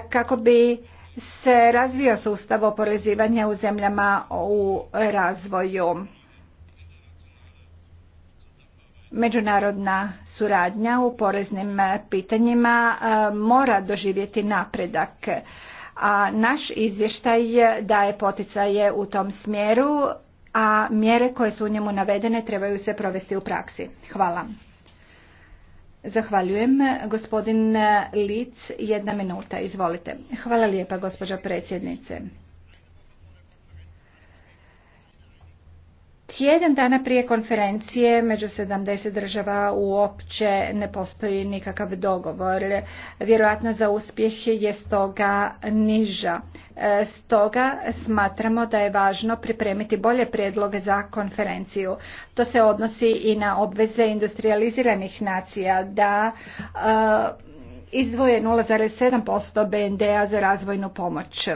kako bi se razvio sustav oporezivanja u zemljama u razvoju međunarodna suradnja u poreznim e, pitanjima e, mora doživjeti napredak a naš izvještaj daje poticaje u tom smjeru a mjere koje su u njemu navedene trebaju se provesti u praksi hvala Zahvaljujem. Gospodin Lic, jedna minuta, izvolite. Hvala lijepa, gospođo predsjednice. Tjedan dana prije konferencije među 70 država uopće ne postoji nikakav dogovor. Vjerojatno za uspjeh je stoga niža. E, stoga smatramo da je važno pripremiti bolje prijedloge za konferenciju. To se odnosi i na obveze industrializiranih nacija da e, izdvoje 0,7% BND-a za razvojnu pomoć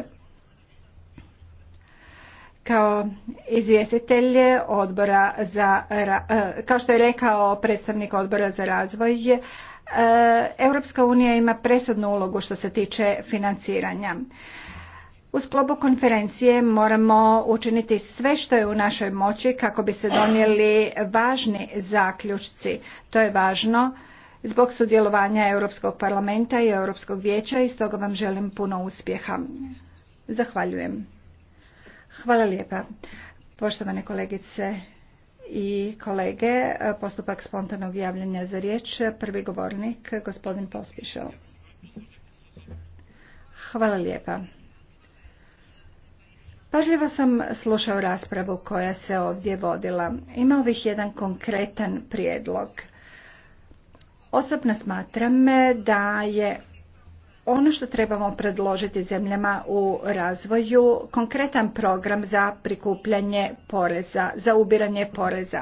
kao izvjestitelj odbora za, e, kao što je rekao predstavnik odbora za razvoj, e, Europska unija ima presudnu ulogu što se tiče financiranja. U sklopu konferencije moramo učiniti sve što je u našoj moći kako bi se donijeli važni zaključci. To je važno zbog sudjelovanja Europskog parlamenta i Europskog vijeća i stoga vam želim puno uspjeha. Zahvaljujem. Hvala lijepa. Poštovane kolegice i kolege, postupak spontanog javljanja za riječ. Prvi govornik, gospodin Pospišel. Hvala lijepa. Pažljivo sam slušao raspravu koja se ovdje vodila. Imao bih jedan konkretan prijedlog. Osobno smatram da je ono što trebamo predložiti zemljama u razvoju konkretan program za prikupljanje poreza, za ubiranje poreza.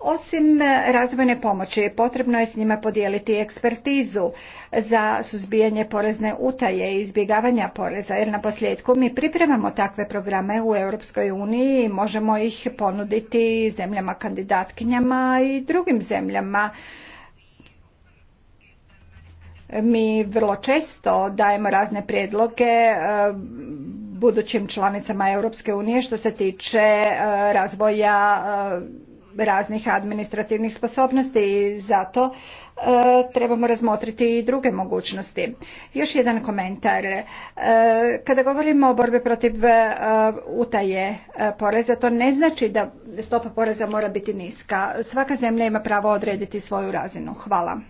Osim razvojne pomoći, potrebno je s njima podijeliti ekspertizu za suzbijanje porezne utaje i izbjegavanja poreza, jer na posljedku mi pripremamo takve programe u Europskoj uniji i možemo ih ponuditi zemljama kandidatkinjama i drugim zemljama mi vrlo često dajemo razne prijedloge e, budućim članicama Europske unije što se tiče e, razvoja e, raznih administrativnih sposobnosti i zato trebamo razmotriti i druge mogućnosti. Još jedan komentar. Kada govorimo o borbi protiv utaje poreza, to ne znači da stopa poreza mora biti niska. Svaka zemlja ima pravo odrediti svoju razinu. Hvala.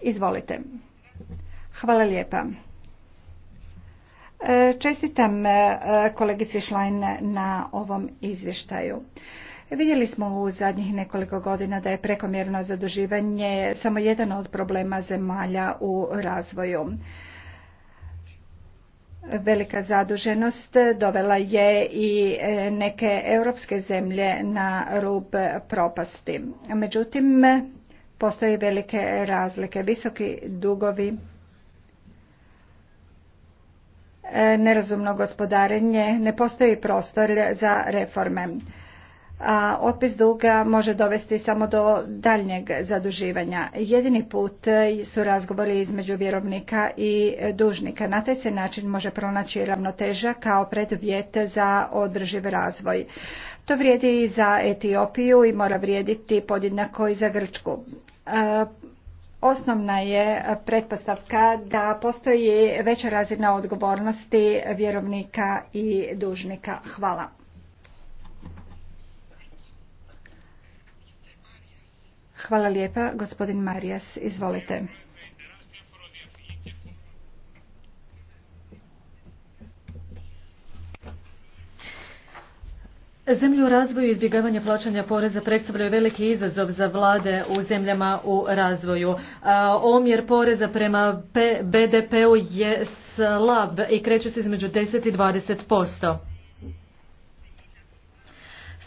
Izvolite. Hvala lijepa. E, čestitam e, kolegici Šlajn na ovom izvještaju. Vidjeli smo u zadnjih nekoliko godina da je prekomjerno zaduživanje samo jedan od problema zemalja u razvoju. Velika zaduženost dovela je i e, neke europske zemlje na rub propasti. Međutim, postoje velike razlike. Visoki dugovi, e, nerazumno gospodarenje, ne postoji prostor za reforme. A otpis duga može dovesti samo do daljnjeg zaduživanja. Jedini put su razgovori između vjerovnika i dužnika. Na taj se način može pronaći ravnoteža kao predvjet za održiv razvoj. To vrijedi i za Etiopiju i mora vrijediti podjednako i za Grčku. E, osnovna je pretpostavka da postoji veća razina odgovornosti vjerovnika i dužnika. Hvala. Hvala lijepa, gospodin Marijas, izvolite. Zemlju u razvoju i izbjegavanje plaćanja poreza predstavljaju veliki izazov za vlade u zemljama u razvoju. Omjer poreza prema BDP-u je slab i kreće se između 10 i 20%.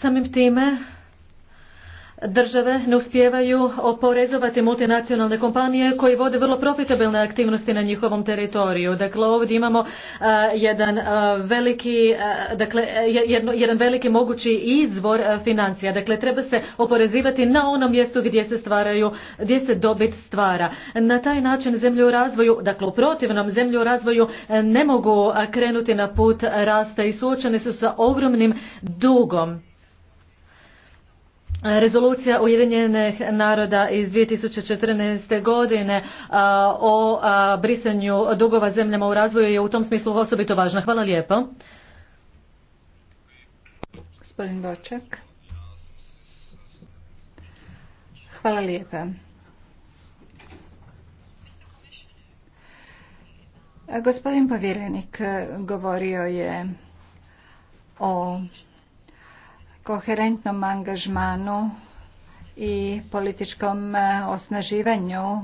Samim time, države ne uspijevaju oporezovati multinacionalne kompanije koji vode vrlo profitabilne aktivnosti na njihovom teritoriju. Dakle, ovdje imamo e, jedan e, veliki, e, dakle, jedno, jedan veliki mogući izvor financija. Dakle, treba se oporezivati na onom mjestu gdje se stvaraju, gdje se dobit stvara. Na taj način zemlju u razvoju, dakle u protivnom zemlje u razvoju ne mogu krenuti na put rasta i suočene su sa ogromnim dugom Rezolucija Ujedinjenih naroda iz 2014. godine o brisanju dugova zemljama u razvoju je u tom smislu osobito važna. Hvala lijepo. Gospodin Boček. Hvala lijepa. Gospodin povjerenik govorio je o koherentnom angažmanu i političkom e, osnaživanju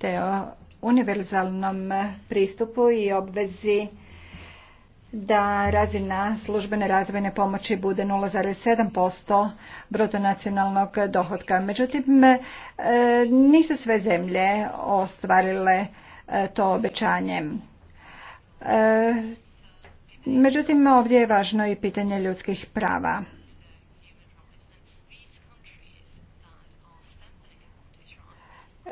te o univerzalnom e, pristupu i obvezi da razina službene razvojne pomoći bude 0,7% bruto nacionalnog dohotka. Međutim, e, nisu sve zemlje ostvarile to obećanje. Međutim, ovdje je važno i pitanje ljudskih prava.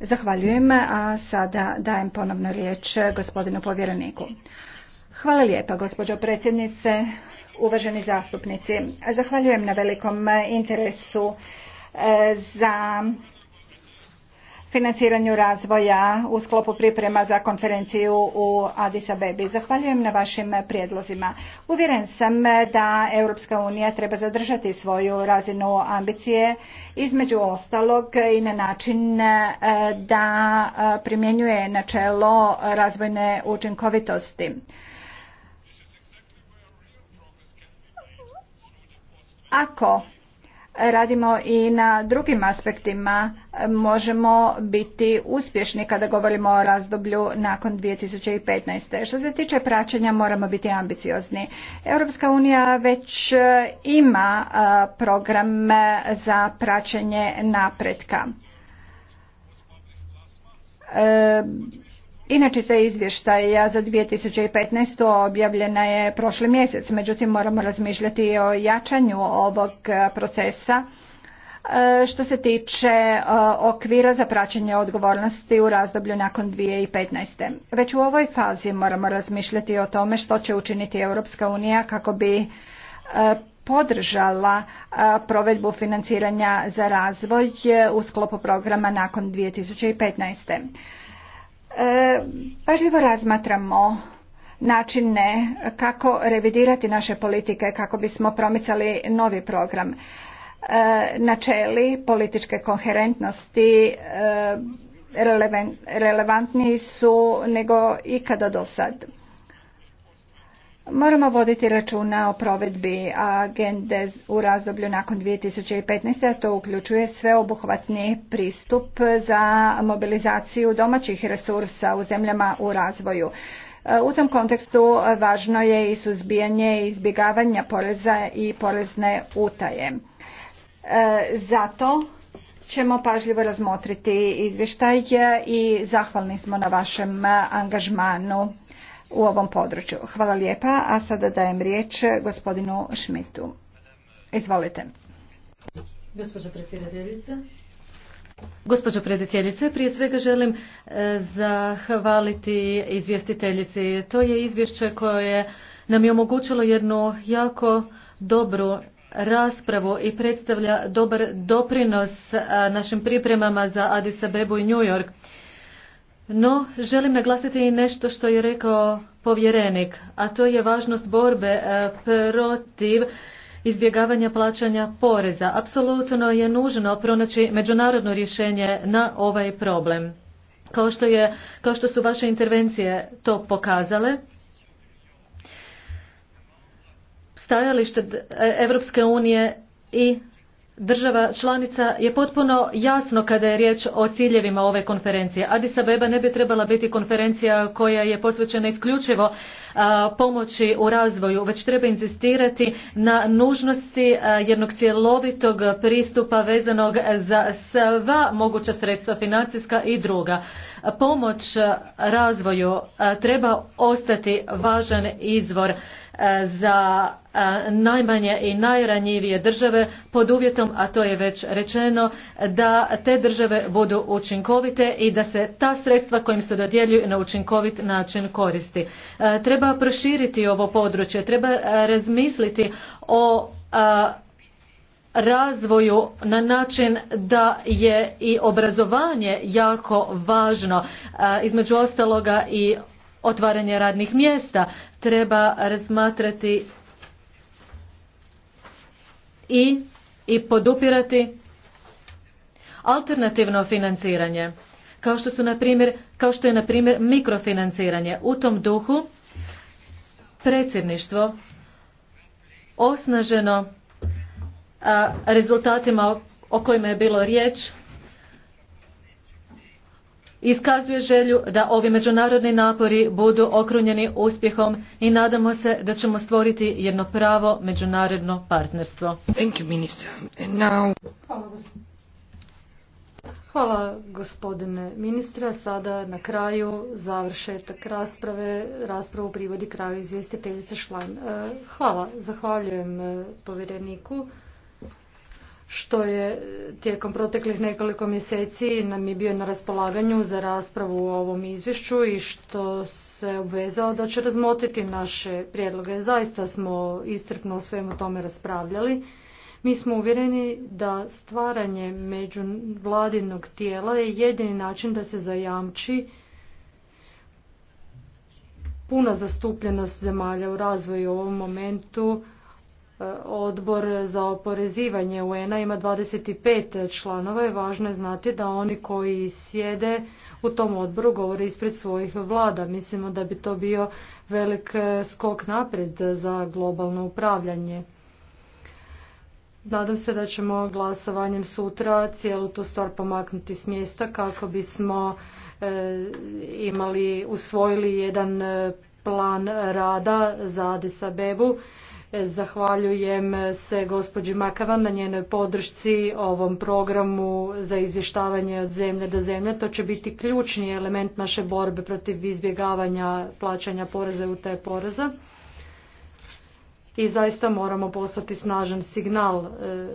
Zahvaljujem, a sada dajem ponovno riječ gospodinu povjereniku. Hvala lijepa, gospođo predsjednice, uvaženi zastupnici. Zahvaljujem na velikom interesu e, za financiranju razvoja u sklopu priprema za konferenciju u Addis Abebi. Zahvaljujem na vašim prijedlozima. Uvjeren sam da Europska unija treba zadržati svoju razinu ambicije, između ostalog i na način e, da e, primjenjuje načelo razvojne učinkovitosti. Ako radimo i na drugim aspektima možemo biti uspješni kada govorimo o razdoblju nakon 2015. Što se tiče praćenja moramo biti ambiciozni. Europska unija već e, ima e, program e, za praćenje napretka. Inače, se izvještaja za 2015. objavljena je prošli mjesec, međutim moramo razmišljati o jačanju ovog e, procesa e, što se tiče e, okvira za praćenje odgovornosti u razdoblju nakon 2015. Već u ovoj fazi moramo razmišljati o tome što će učiniti Europska unija kako bi podržala provedbu financiranja za razvoj u sklopu programa nakon 2015. E, pažljivo razmatramo načine kako revidirati naše politike kako bismo promicali novi program e, načeli političke koherentnosti e, relevantniji su nego ikada do sad. Moramo voditi računa o provedbi agende u razdoblju nakon 2015. a to uključuje sveobuhvatni pristup za mobilizaciju domaćih resursa u zemljama u razvoju. U tom kontekstu važno je i suzbijanje izbjegavanja poreza i porezne utaje. E, zato ćemo pažljivo razmotriti izvještaj i zahvalni smo na vašem angažmanu u ovom području. Hvala lijepa, a sada dajem riječ gospodinu Šmitu. Izvolite. Gospođo Gospođo predsjednice, prije svega želim e, zahvaliti izvjestiteljici. To je izvješće koje nam je omogućilo jednu jako dobru raspravu i predstavlja dobar doprinos našim pripremama za Addis Abebu i New York. No, želim naglasiti i nešto što je rekao povjerenik, a to je važnost borbe e, protiv izbjegavanja plaćanja poreza. Apsolutno je nužno pronaći međunarodno rješenje na ovaj problem. Kao što, je, kao što su vaše intervencije to pokazale, stajalište Europske unije i država članica je potpuno jasno kada je riječ o ciljevima ove konferencije. Addis Abeba ne bi trebala biti konferencija koja je posvećena isključivo pomoći u razvoju, već treba inzistirati na nužnosti jednog cjelovitog pristupa vezanog za sva moguća sredstva financijska i druga. Pomoć e, razvoju e, treba ostati važan izvor e, za najmanje i najranjivije države pod uvjetom, a to je već rečeno, da te države budu učinkovite i da se ta sredstva kojim se dodjeljuju na učinkovit način koristi. Treba proširiti ovo područje, treba razmisliti o razvoju na način da je i obrazovanje jako važno, e, između ostaloga i otvaranje radnih mjesta. Treba razmatrati i, i podupirati alternativno financiranje, kao što, su, na primjer, kao što je na primjer mikrofinanciranje. U tom duhu predsjedništvo osnaženo rezultatima o kojima je bilo riječ iskazuje želju da ovi međunarodni napori budu okrunjeni uspjehom i nadamo se da ćemo stvoriti jedno pravo međunarodno partnerstvo. Hvala, gospodine. ministra. Sada na kraju završetak rasprave. Raspravu privodi kraju izvjestiteljice Šlajn. E, hvala, zahvaljujem e, povjereniku što je tijekom proteklih nekoliko mjeseci nam je bio na raspolaganju za raspravu u ovom izvješću i što se obvezao da će razmotiti naše prijedloge. Zaista smo istrpno o svemu tome raspravljali. Mi smo uvjereni da stvaranje međuvladinog tijela je jedini način da se zajamči puna zastupljenost zemalja u razvoju u ovom momentu Odbor za oporezivanje UN-a ima 25 članova i važno je znati da oni koji sjede u tom odboru govore ispred svojih vlada. Mislimo da bi to bio velik skok naprijed za globalno upravljanje. Nadam se da ćemo glasovanjem sutra cijelu tu stvar pomaknuti s mjesta kako bismo e, imali, usvojili jedan e, plan rada za Addis Zahvaljujem se gospođi Makavan na njenoj podršci ovom programu za izvještavanje od zemlje do zemlje. To će biti ključni element naše borbe protiv izbjegavanja plaćanja poreza i utaje poreza i zaista moramo poslati snažan signal. E,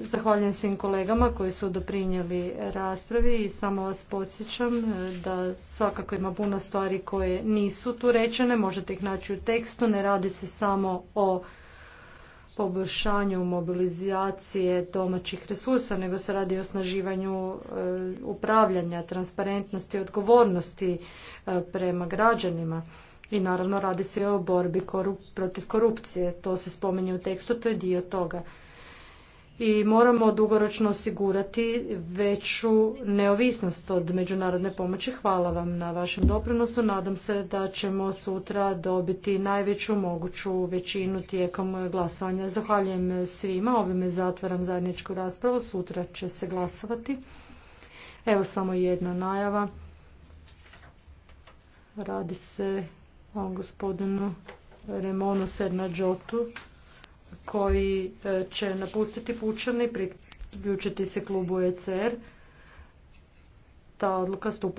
zahvaljujem svim kolegama koji su doprinijeli raspravi i samo vas podsjećam e, da svakako ima puno stvari koje nisu tu rečene, možete ih naći u tekstu, ne radi se samo o poboljšanju mobilizacije domaćih resursa, nego se radi o snaživanju e, upravljanja, transparentnosti, i odgovornosti prema građanima. I naravno radi se o borbi protiv korupcije. To se spominje u tekstu, to je dio toga. I moramo dugoročno osigurati veću neovisnost od međunarodne pomoći. Hvala vam na vašem doprinosu. Nadam se da ćemo sutra dobiti najveću moguću većinu tijekom glasovanja. Zahvaljujem svima. Ovime zatvaram zajedničku raspravu. Sutra će se glasovati. Evo samo jedna najava. Radi se gospodinu Remonu Sernadžotu koji e, će napustiti pučani, priključiti se klubu ECR. Ta odluka stupa